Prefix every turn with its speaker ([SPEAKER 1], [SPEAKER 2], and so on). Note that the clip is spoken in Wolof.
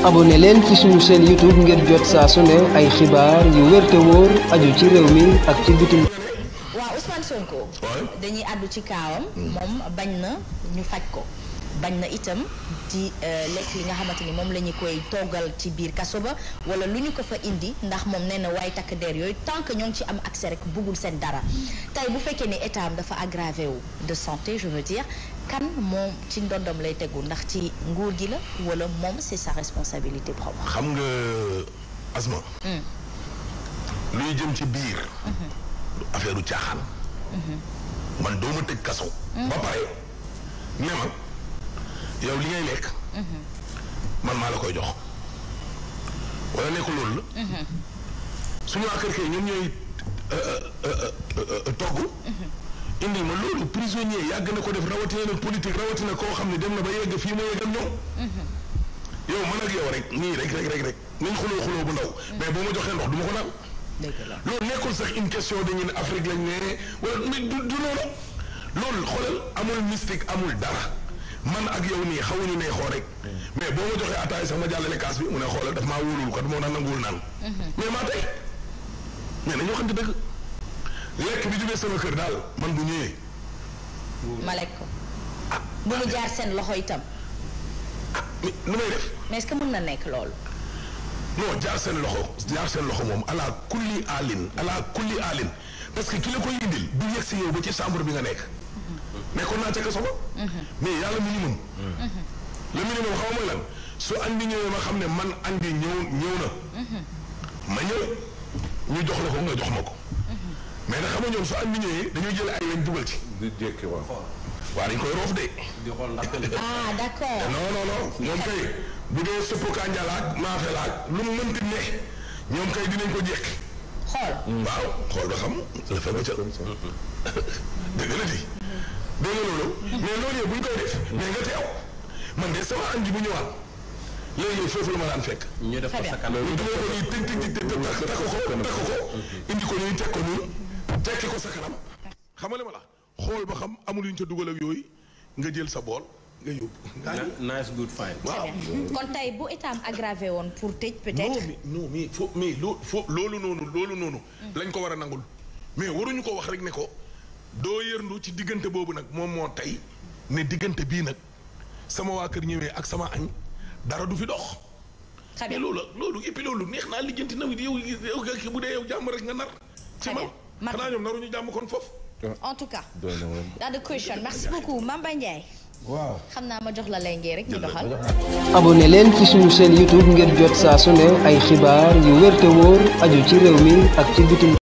[SPEAKER 1] abonné leen ci suñu chaîne YouTube ngir jot saa su ne ay xibaar yu wér te wóor aju ci réew mi ak ci bitim. waaw Ousmane Sonko. dañuy àddu ci kaawam.
[SPEAKER 2] Hmm. moom bañ na ñu faj ko. bañ na itam di euh, lekk li nga xamante ni moom la ñu koy toggal ci biir kaso ba wala lu ñu ko fa indi ndax moom nee na waaye takk der yooyu tant que ñoo ngi ci am accès rek bëggul seen dara hmm. tey bu fekkee ni état dafa aggravé wu de santé je veux dire kan moom ci ndoddam lay tegu ndax ci nguur gi la wala moom c'est sa responsabilité propre.
[SPEAKER 1] xam nga asma. Hmm. luy jëm ci biir. Hmm. du affaire u caaxaan. Hmm. man doo ma kaso. ba pare ne ma yow li ngay lekk. man maa la koy jox wala nekkul loolu la. suñu waa kër kay ñoom euh, euh, euh, togg. indil ma loolu prisonnier yàgg na ko def rawatina nag politique rawatina koo xam ne dem na ba yegg fii ma yeggal ñoom. Mm-hmm. yow man ak yow rek nii rek rek nañ xuloo xuloo bu ndaw. Mm-hmm. mais boo ma joxee ndox du ma ko daal. loolu nekkul sax une question dañu ne Afrique lañ ne wala mais du du loolu. loolu xoolal amul mystique amul dara man ak neexoo rek. Mm-hmm. mais boo ma joxee ataay sax ma jàllale kaas bi mu a xoolal daf maa wóolul kat moo tax nanguwul naan. mais maa tey mais nañoo xam te dëgg. lekk bi mee sama kër daal man bu ñëwee. ma
[SPEAKER 2] lekk ko. bu ah, mu jaar seen loxo itam.
[SPEAKER 1] lu ah, may def.
[SPEAKER 2] mais est-ce que mën na nekk loolu.
[SPEAKER 1] non jaar seen loxo jaar seen loxo moom ala kulli alin ala kulli alin parce que ki la koy indil du yegg si yow ba ci chambre bi nga nekk. mais kon naa ca kaso ba. Mhm. mais yàlla minimum. Mhm. le minimum xaw ma lan su andi ñëwee ma xam ne man andi ñëw ñëw na. Mhm. ma ñëw ñu jox la ko nga jox ma ko. mais na xam nga ñoom su am bi ñëwee dañuy jël ay lañ dugal ci. di jékki waaw. xool d' accord.
[SPEAKER 2] non non non ñoom kay
[SPEAKER 1] bu dee sëpp dinañ ko jékki. ba xam la fa ba ca dëgg la di. dégg loolu. mais loolu yëpp bu ñu koy def. mais nga teew man de sama ànd bu ñëwaat. léegi fekk. ñu def ko takk ko takk ko indi ko nii teg ko nii. tekki ko sa kanam xam nga li ma la xool ba xam amul yu ñu ca dugal ak yooyu nga jël sa bool nga yóbbu. nice good fine. waaw kon
[SPEAKER 2] tey bu état am aggravé woon pour tëj peut-être.
[SPEAKER 1] non mais loolu noonu loolu noonu. Mm. lañ ko war a nangul mais waruñu ko wax rek ne ko doo yërndu ci diggante boobu nag moom moo tey ne diggante bii nag sama waa kër ñëwee ak sama añ dara du fi dox. mais loolu loolu et loolu neex naa lijjanti nawet yow yow bu dee yow jàmm rek nga nar. ci ma man xanaa ñoom naruñu jàmm en tout cas. doy na woon daal de question waaw xam naa ma jox la lay ngee rek ñu doxal. abonné leen ci suñu chaîne YouTube ngir jot saa su ay xibaar yu wér te wóor aju ci réew mi ak
[SPEAKER 2] ci bitim.